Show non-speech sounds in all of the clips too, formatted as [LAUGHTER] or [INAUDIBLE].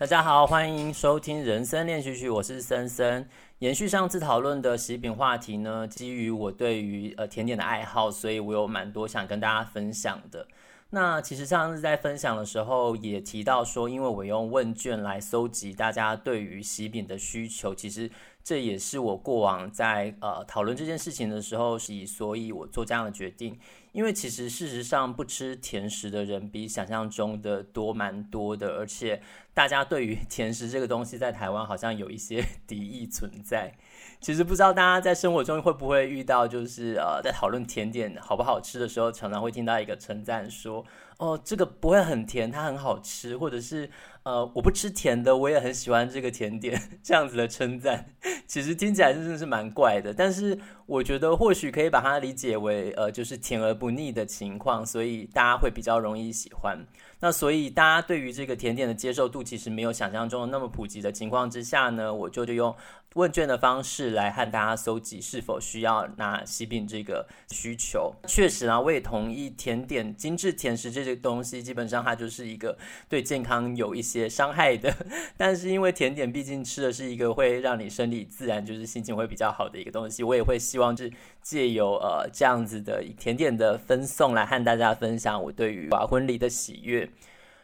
大家好，歡迎收聽人生練習曲，我是森森。延續上次討論的囍餅話題呢，基於我對於呃甜點的愛好，所以我有蠻多想跟大家分享的。那其實上次在分享的時候也提到說，因為我用問卷來蒐集大家對於囍餅的需求，其實。這也是我過往在呃討論這件事情的時候，所以所以我做這樣的決定。因為其實事實上不吃甜食的人比想象中的多蠻多的，而且大家對於甜食這個東西在台灣好像有一些敵意存在。其實不知道大家在生活中會不會遇到，就是呃在討論甜點好不好吃的時候，常常會聽到一個稱讚說：“哦，這個不會很甜，它很好吃。”或者是。呃，我不吃甜的，我也很喜歡這個甜點，這樣子的稱讚，其實聽起來真的是蠻怪的。但是我覺得或許可以把它理解為，呃，就是甜而不膩的情況，所以大家會比較容易喜歡。那所以大家對於這個甜點的接受度，其實沒有想象中的那麼普及的情況之下呢，我就就用。問卷的方式來和大家搜集是否需要拿喜餅這個需求。確實呢、啊，我也同意，甜點、精緻甜食這些東西，基本上它就是一個對健康有一些傷害的。但是因為甜點畢竟吃的是一個會讓你身體自然就是心情會比較好的一個東西，我也會希望就是借由呃這樣子的甜點的分送來和大家分享我對於把、啊、婚禮的喜悅。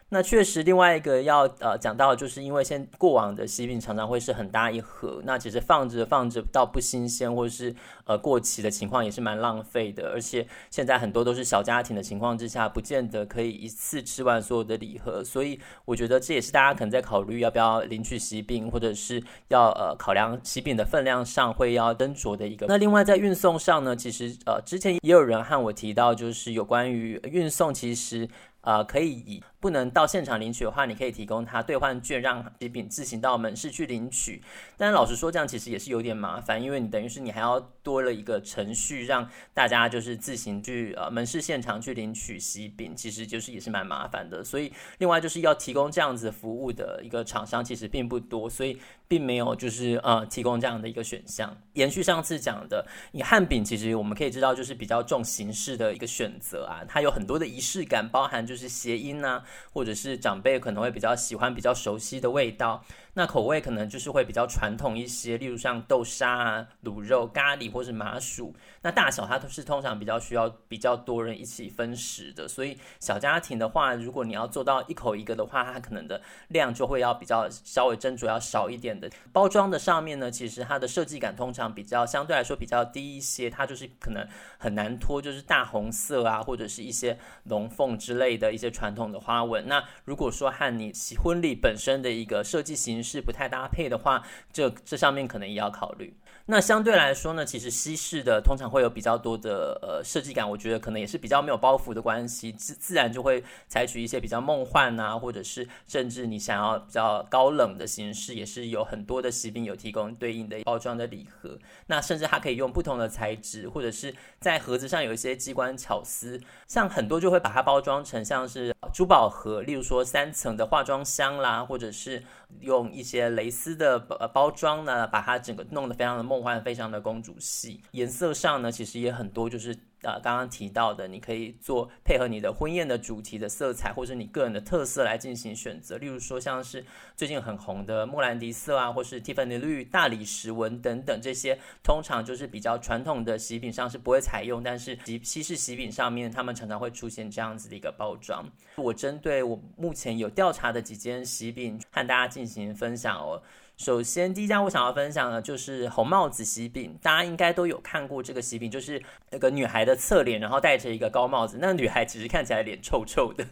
那確實，另外一個要呃講到的，就是因為現過往的喜餅常常會是很大一盒，那其實放着放着到不新鮮或者是呃過期的情況也是蠻浪費的，而且現在很多都是小家庭的情況之下，不見得可以一次吃完所有的禮盒，所以我覺得這也是大家可能在考慮要不要領取喜餅，或者是要呃考量喜餅的分量上會要斟酌的一個。那另外在運送上呢，其實呃之前也有人和我提到，就是有關於運送其實。呃，可以以不能到現場領取的話，你可以提供他兌換券，讓喜餅自行到門市去領取。但老實說，這樣其實也是有點麻煩，因為你等於是你還要多了一個程序，讓大家就是自行去呃門市現場去領取喜餅，其實就是也是蠻麻煩的。所以，另外就是要提供這樣子服務的一個廠商其實並不多，所以。並沒有，就是呃，提供這樣的一個選項。延續上次講的，你漢餅其實我們可以知道，就是比較重形式的一個選擇啊，它有很多的儀式感，包含就是諧音吶、啊，或者是長輩可能會比較喜歡、比較熟悉的味道。那口味可能就是會比較傳統一些，例如像豆沙啊、滷肉、咖喱或是麻薯。那大小它都是通常比較需要比較多人一起分食的，所以小家庭的話，如果你要做到一口一個的話，它可能的量就會要比較稍微斟酌要少一點。包裝的上面呢，其實它的設計感通常比較相對來說比較低一些，它就是可能很難脫，就是大紅色啊，或者是一些龍鳳之類的一些傳統的花紋。那如果說和你婚禮本身的一個設計形式不太搭配的話，這這上面可能也要考慮。那相對來說呢，其實西式的通常會有比較多的呃設計感，我覺得可能也是比較沒有包袱的關係，自自然就會採取一些比較夢幻啊，或者是甚至你想要比較高冷的形式，也是有很多的喜餅有提供對應的包裝的禮盒，那甚至它可以用不同的材質，或者是在盒子上有一些機關巧思，像很多就會把它包裝成像是珠寶盒，例如說三層的化妝箱啦、啊，或者是用一些蕾絲的包裝呢，把它整個弄得非常的夢。夢幻非常的公主系，顏色上呢，其實也很多，就是呃剛剛提到的，你可以做配合你的婚宴的主題的色彩，或者你個人的特色來進行選擇。例如說，像是最近很紅的莫蘭迪色啊，或是 Tiffany 綠、大理石紋等等這些，通常就是比較傳統的喜餅上是不會採用，但是其西式喜餅上面，他們常常會出現這樣子的一個包裝。我針對我目前有調查的幾間喜餅，和大家進行分享哦。首先，第一家我想要分享的就是紅帽子喜餅，大家應該都有看過這個喜餅，就是那個女孩的側臉，然後戴着一個高帽子。那女孩其實看起來臉臭臭的，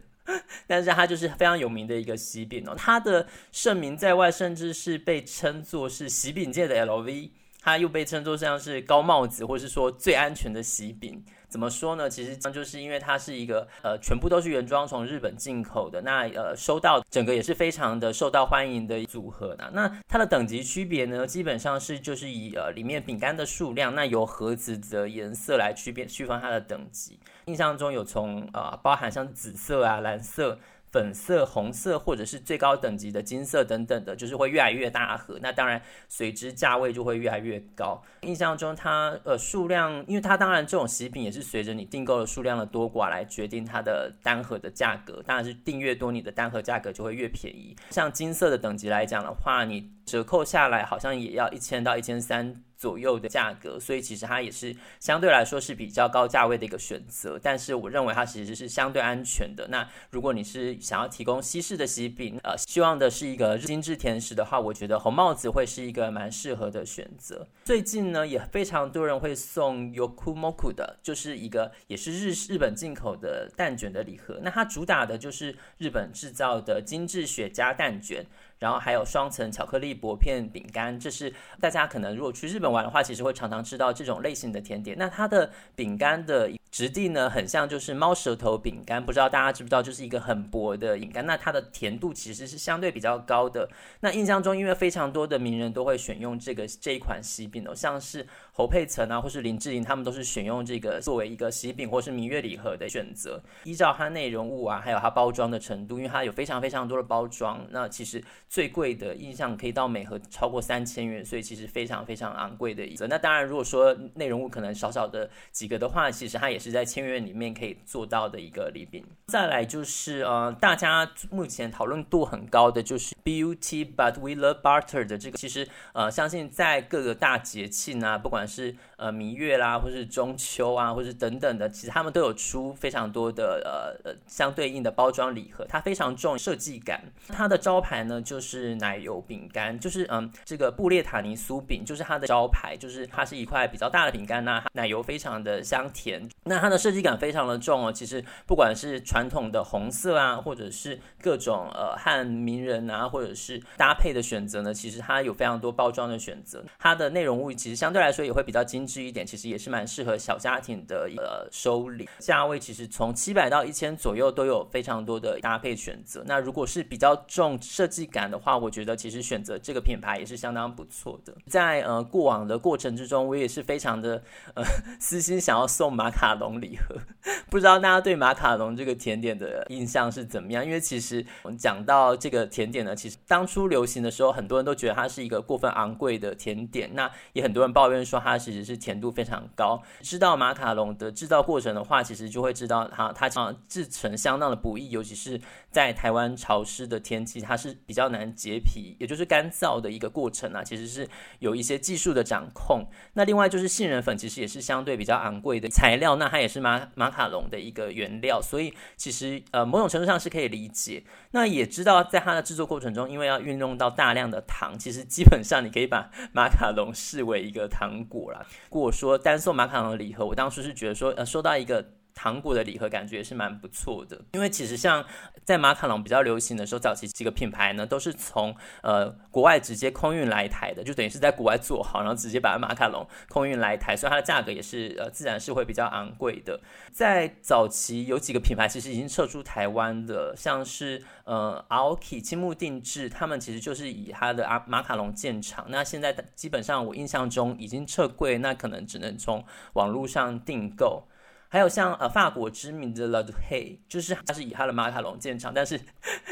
但是她就是非常有名的一個喜餅哦。她的盛名在外，甚至是被稱作是喜餅界的 LV，它又被稱作像是高帽子，或是說最安全的喜餅。怎麼說呢？其實就是因為它是一個呃，全部都是原裝從日本進口的，那呃收到整個也是非常的受到歡迎的組合的。那它的等級區別呢，基本上是就是以呃裡面餅乾的數量，那由盒子的顏色來區別區分它的等級。印象中有從啊、呃、包含像紫色啊藍色。粉色、紅色，或者是最高等級的金色等等的，就是會越來越大盒，那當然隨之價位就會越來越高。印象中它呃數量，因為它當然這種食品也是隨着你訂購的數量的多寡來決定它的單盒的價格，當然是訂越多你的單盒價格就會越便宜。像金色的等級來講的話，你折扣下來好像也要一千到一千三。左右的價格，所以其實它也是相對來說是比較高價位的一個選擇。但是我認為它其實是相對安全的。那如果你是想要提供西式的喜餅，呃，希望的是一個精致甜食的話，我覺得紅帽子會是一個蠻適合的選擇。最近呢也非常多人會送 Yokumoku 的，就是一個也是日日本進口的蛋卷的禮盒。那它主打的就是日本制造的精致雪茄蛋卷。然後還有雙層巧克力薄片餅乾，這是大家可能如果去日本玩的話，其實會常常吃到這種類型的甜點。那它的餅乾的。質地呢很像就是貓舌頭餅乾，不知道大家知不知道，就是一個很薄的餅乾。那它的甜度其實是相對比較高的。那印象中，因為非常多的名人都會選用這個這一款喜餅喔，像是侯佩岑啊，或是林志玲，他們都是選用這個作為一個喜餅或是明月禮盒的選擇。依照它內容物啊，還有它包裝的程度，因為它有非常非常多的包裝。那其實最貴的印象可以到每盒超過三千元，所以其實非常非常昂貴的一個。那當然，如果說內容物可能少少的幾個的話，其實它也是。是在簽約裡面可以做到的一個禮品。再來就是呃，大家目前討論度很高的就是 Beauty BUT We Love Butter 的這個，其實呃，相信在各個大節慶啊，不管是呃，明月啦、啊，或是中秋啊，或是等等的，其實他們都有出非常多的呃呃相對應的包裝禮盒，它非常重設計感。它的招牌呢就是奶油餅乾，就是嗯、呃，這個布列塔尼酥餅，就是它的招牌，就是它是一塊比較大的餅乾吶、啊，奶油非常的香甜。那那它的設計感非常的重哦，其實不管是傳統的紅色啊，或者是各種呃漢名人啊，或者是搭配的選擇呢，其實它有非常多包裝的選擇。它的內容物其實相對來說也會比較精緻一點，其實也是蠻適合小家庭的呃收禮。價位其實從七百到一千左右都有非常多的搭配選擇。那如果是比較重設計感的話，我覺得其實選擇這個品牌也是相當不錯的。在呃過往的過程之中，我也是非常的呃私心想要送馬卡龍。禮盒，不知道大家對馬卡龍這個甜點的印象是怎麼樣？因為其實我們講到這個甜點呢，其實當初流行的時候，很多人都覺得它是一個過分昂貴的甜點，那也很多人抱怨說它其實是甜度非常高。知道馬卡龍的制造過程的話，其實就會知道它它啊制成相當的不易，尤其是在台灣潮濕的天氣，它是比較難結皮，也就是乾燥的一個過程啊，其實是有一些技術的掌控。那另外就是杏仁粉，其實也是相對比較昂貴的材料那。啊、它也是馬馬卡龍的一個原料，所以其實呃某種程度上是可以理解。那也知道在它的製作過程中，因為要運用到大量的糖，其實基本上你可以把馬卡龍視為一個糖果啦，如果說單送馬卡龍禮盒，我當初是覺得說呃收到一個。糖果的禮盒感覺也是蠻不錯的，因為其實像在馬卡龍比較流行的時候，早期幾個品牌呢都是從呃國外直接空運來台的，就等於是在國外做好，然後直接把馬卡龍空運來台，所以它的價格也是呃自然是會比較昂貴的。在早期有幾個品牌其實已經撤出台灣的，像是呃 Aoki 青木定治，他們其實就是以它的啊馬卡龍建廠。那現在基本上我印象中已經撤櫃，那可能只能從網絡上訂購。還有像呃法國知名的 Ladurée 就是它是以它的馬卡龍見長，但是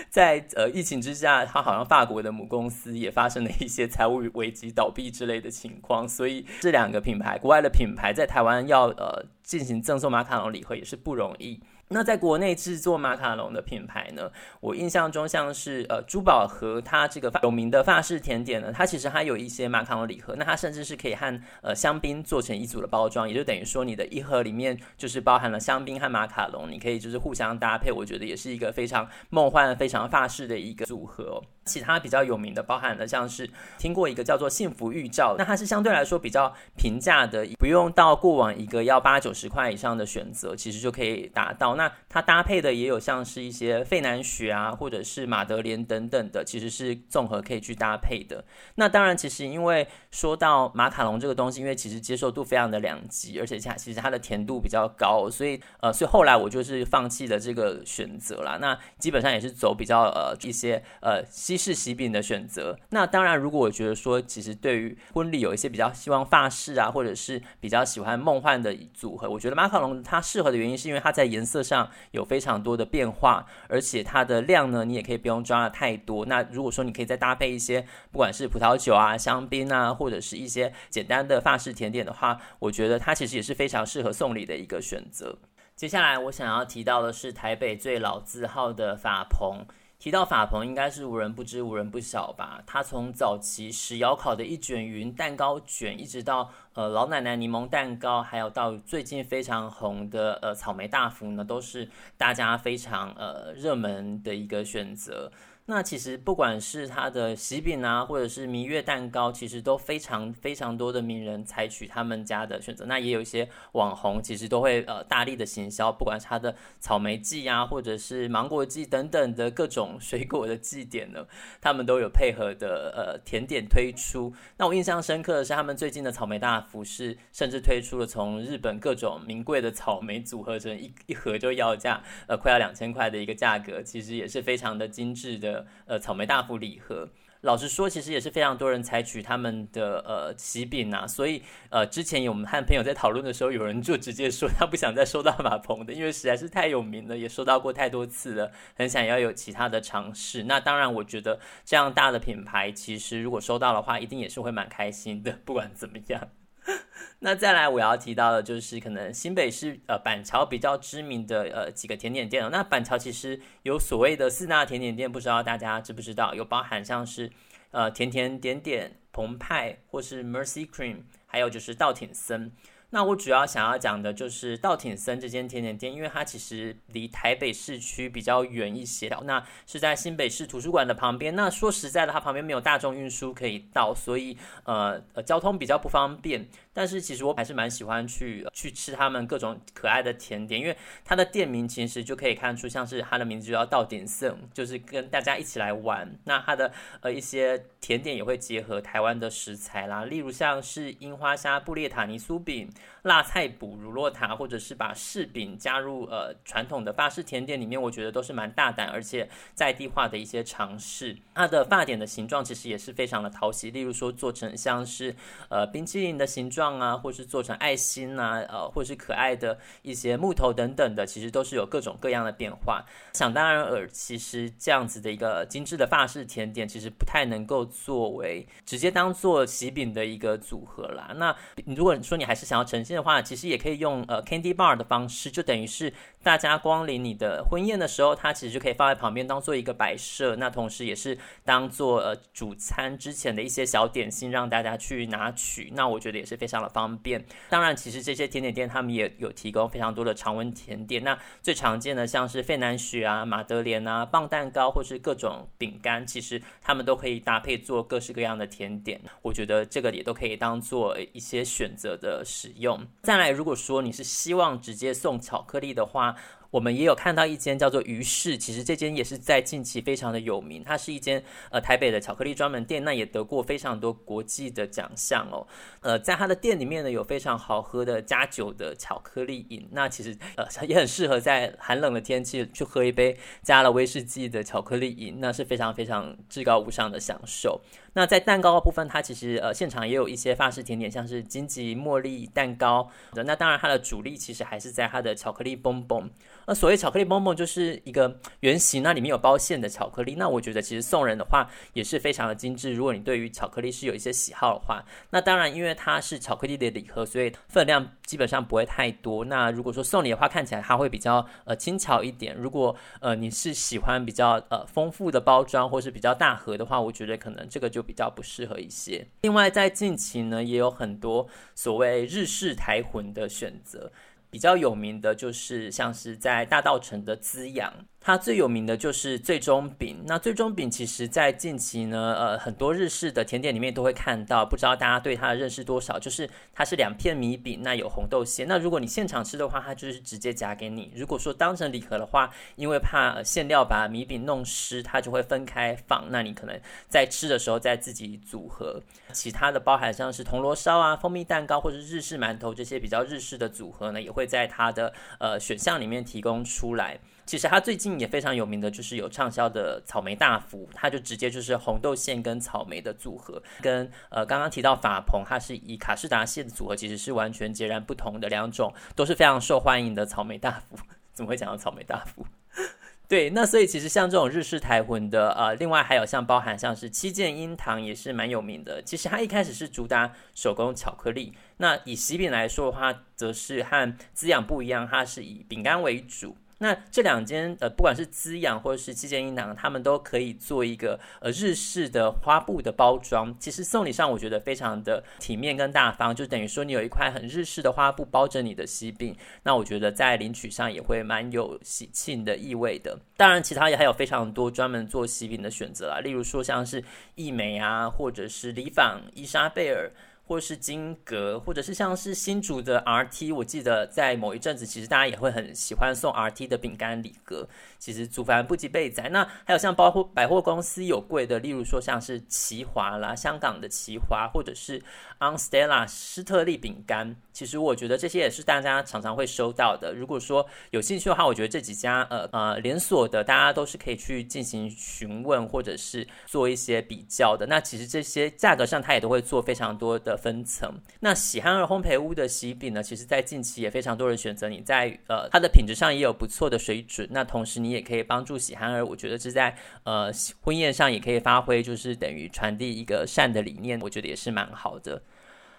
在呃疫情之下，它好像法國的母公司也發生了一些財務危機、倒閉之類的情況，所以這兩個品牌，國外的品牌在台灣要呃進行贈送馬卡龍禮盒也是不容易。那在國內制作馬卡龍的品牌呢？我印象中像是呃珠寶盒，它這個有名的法式甜點呢，它其實還有一些馬卡龍禮盒。那它甚至是可以和呃香檳做成一組的包裝，也就等於說你的一盒裡面就是包含了香檳和馬卡龍，你可以就是互相搭配。我覺得也是一個非常夢幻、非常法式的一個組合哦。其他比較有名的，包含了像是聽過一個叫做“幸福預兆”，那它是相對來說比較平價的，不用到過往一個要八九十塊以上的選擇，其實就可以達到。那它搭配的也有像是一些費南雪啊，或者是馬德蓮等等的，其實是綜合可以去搭配的。那當然，其實因為說到馬卡龍這個東西，因為其實接受度非常的兩極，而且它其實它的甜度比較高，所以呃，所以後來我就是放棄了這個選擇啦。那基本上也是走比較呃一些呃。西式喜餅的選擇，那當然，如果我覺得說，其實對於婚禮有一些比較希望法式啊，或者是比較喜歡夢幻的組合，我覺得馬卡龍它適合的原因是因為它在顏色上有非常多的變化，而且它的量呢，你也可以不用抓的太多。那如果說你可以再搭配一些，不管是葡萄酒啊、香檳啊，或者是一些簡單的法式甜點的話，我覺得它其實也是非常適合送禮的一個選擇。接下來我想要提到的是台北最老字號的法朋。提到法朋，應該是無人不知、無人不曉吧？他從早期石窑烤的一卷雲蛋糕卷，一直到呃老奶奶檸檬蛋糕，還有到最近非常紅的呃草莓大福呢，都是大家非常呃熱門的一個選擇。那其實不管是他的喜餅啊，或者是明月蛋糕，其實都非常非常多的名人採取他們家的選擇。那也有一些網紅，其實都會呃大力的行銷，不管是他的草莓季啊，或者是芒果季等等的各種水果的祭典呢，他們都有配合的呃甜點推出。那我印象深刻的是他們最近的草莓大福，甚至推出了從日本各種名貴的草莓組合成一一盒就要價呃快要兩千塊的一個價格，其實也是非常的精緻的。呃，草莓大福禮盒，老實說，其實也是非常多人採取他們的呃喜餅啊，所以呃，之前有我們和朋友在討論的時候，有人就直接說他不想再收到馬棚的，因為實在是太有名了，也收到過太多次了，很想要有其他的嘗試。那當然，我覺得這樣大的品牌，其實如果收到的話，一定也是會蠻開心的，不管怎麼樣。 [LAUGHS] 那再來我要提到的，就是可能新北市呃板橋比較知名的呃幾個甜點店。那板橋其實有所謂的四大甜點店，不知道大家知不知道？有包含像是呃甜甜點點、澎湃或是 Mercy Cream，還有就是稻田森。那我主要想要講的就是稻田森這間甜點店，因為它其實離台北市區比較遠一些的，那是在新北市圖書館的旁邊。那說實在的，它旁邊沒有大眾運輸可以到，所以呃交通比較不方便。但是其實我還是蠻喜歡去、呃、去吃他們各種可愛的甜點，因為它的店名其實就可以看出，像是它的名字叫稻田森，就是跟大家一起來玩。那它的呃一些甜點也會結合台灣的食材啦，例如像是櫻花蝦、布列塔尼酥餅。辣菜脯乳酪塔，或者是把柿餅加入呃傳統的法式甜點裡面，我覺得都是蠻大膽而且在地化的一些嘗試。它的發點的形狀其實也是非常的討喜，例如說做成像是呃冰淇淋的形狀啊，或是做成愛心吶、啊，呃或是可愛的一些木頭等等的，其實都是有各種各樣的變化。想當然耳，其實這樣子的一個精致的法式甜點，其實不太能夠作為直接當做喜餅的一個組合啦。那你如果說你還是想要。呈現的話，其實也可以用呃 candy bar 的方式，就等於是，大家光臨你的婚宴的時候，它其實就可以放在旁邊當做一個擺設，那同時也是當做呃主餐之前的一些小點心，讓大家去拿取。那我覺得也是非常的方便。當然，其實這些甜點店他們也有提供非常多的常溫甜點，那最常見的像是費南雪啊、瑪德蓮啊、棒蛋糕或是各種餅乾，其實他們都可以搭配做各式各樣的甜點。我覺得這個也都可以當做一些選擇的使用。再來，如果說你是希望直接送巧克力的話，我們也有看到一間叫做畬室，其實這間也是在近期非常的有名，它是一間呃台北的巧克力專門店，那也得過非常多國際的獎項哦。呃，在它的店裡面呢，有非常好喝的加酒的巧克力飲，那其實呃也很適合在寒冷的天氣去喝一杯加了威士忌的巧克力飲，那是非常非常至高無上的享受。那在蛋糕的部分，它其實呃現場也有一些法式甜點，像是金吉茉莉蛋糕，那當然它的主力其實還是在它的巧克力 bonbon。那、啊，所謂巧克力夢夢就是一個圓形，那裡面有包餡的巧克力。那我覺得其實送人的話也是非常的精致。如果你對於巧克力是有一些喜好的話，那當然因為它是巧克力的禮盒，所以分量基本上不會太多。那如果說送禮的話，看起來它會比較呃輕巧一點。如果呃你是喜歡比較呃豐富的包裝或是比較大盒的話，我覺得可能這個就比較不適合一些。另外在近期呢，也有很多所謂日式台魂的選擇。比較有名的就是，像是在大稻埕的滋養。它最有名的就是最中餅。那最中餅其實，在近期呢，呃，很多日式的甜點裡面都會看到。不知道大家對它的認識多少？就是它是兩片米餅，那有紅豆餡。那如果你現場吃的話，它就是直接夾給你。如果說當成禮盒的話，因為怕、呃、餡料把米餅弄濕，它就會分開放。那你可能在吃的時候再自己組合。其他的包含像是銅鑼燒啊、蜂蜜蛋糕或者是日式饅頭這些比較日式的組合呢，也會在它的呃選項裡面提供出來。其實他最近也非常有名的就是有暢銷的草莓大福，他就直接就是紅豆餡跟草莓的組合，跟呃剛剛提到法朋，它是以卡士達餡的組合，其實是完全截然不同的兩種，都是非常受歡迎的草莓大福。 [LAUGHS] 怎麼會講到草莓大福？ [LAUGHS] 對，那所以其實像這種日式台魂的，呃，另外還有像包含像是七見櫻堂也是蠻有名的。其實它一開始是主打手工巧克力，那以喜餅來說的話，則是和滋養不一樣，它是以餅乾為主。那這兩間呃，不管是滋養或者是舊振南，他們都可以做一個呃日式的花布的包裝。其實送禮上，我覺得非常的體面跟大方，就等於說你有一塊很日式的花布包着你的喜餅，那我覺得在領取上也會蠻有喜慶的意味的。當然，其他也還有非常多專門做喜餅的選擇啦，例如說像是義美啊，或者是禮坊伊莎貝爾。或是金格，或者是像是新竹的 RT，我記得在某一陣子，其實大家也會很喜歡送 RT 的餅乾禮盒。其實族繁不及備載，那還有像包括百貨公司有貴的，例如說像是奇華啦，香港的奇華，或者是昂斯黛拉，斯特利餅乾。其實我覺得這些也是大家常常會收到的。如果說有興趣的話，我覺得這幾家呃呃連鎖的，大家都是可以去進行詢問或者是做一些比較的。那其實這些價格上，它也都會做非常多的。分層。那喜憨兒烘焙屋的喜餅呢？其實，在近期也非常多人選擇。你在呃，它的品質上也有不錯的水準。那同時，你也可以幫助喜憨兒，我覺得是在呃婚宴上也可以發揮，就是等於傳遞一個善的理念，我覺得也是蠻好的。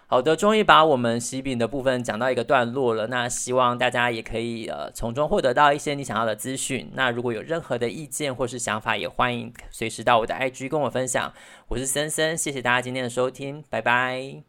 好的，終於把我們喜餅的部分講到一個段落了。那希望大家也可以呃從中獲得到一些你想要的資訊。那如果有任何的意見或是想法，也歡迎隨時到我的 IG 跟我分享。我是森森，謝謝大家今天的收聽，拜拜。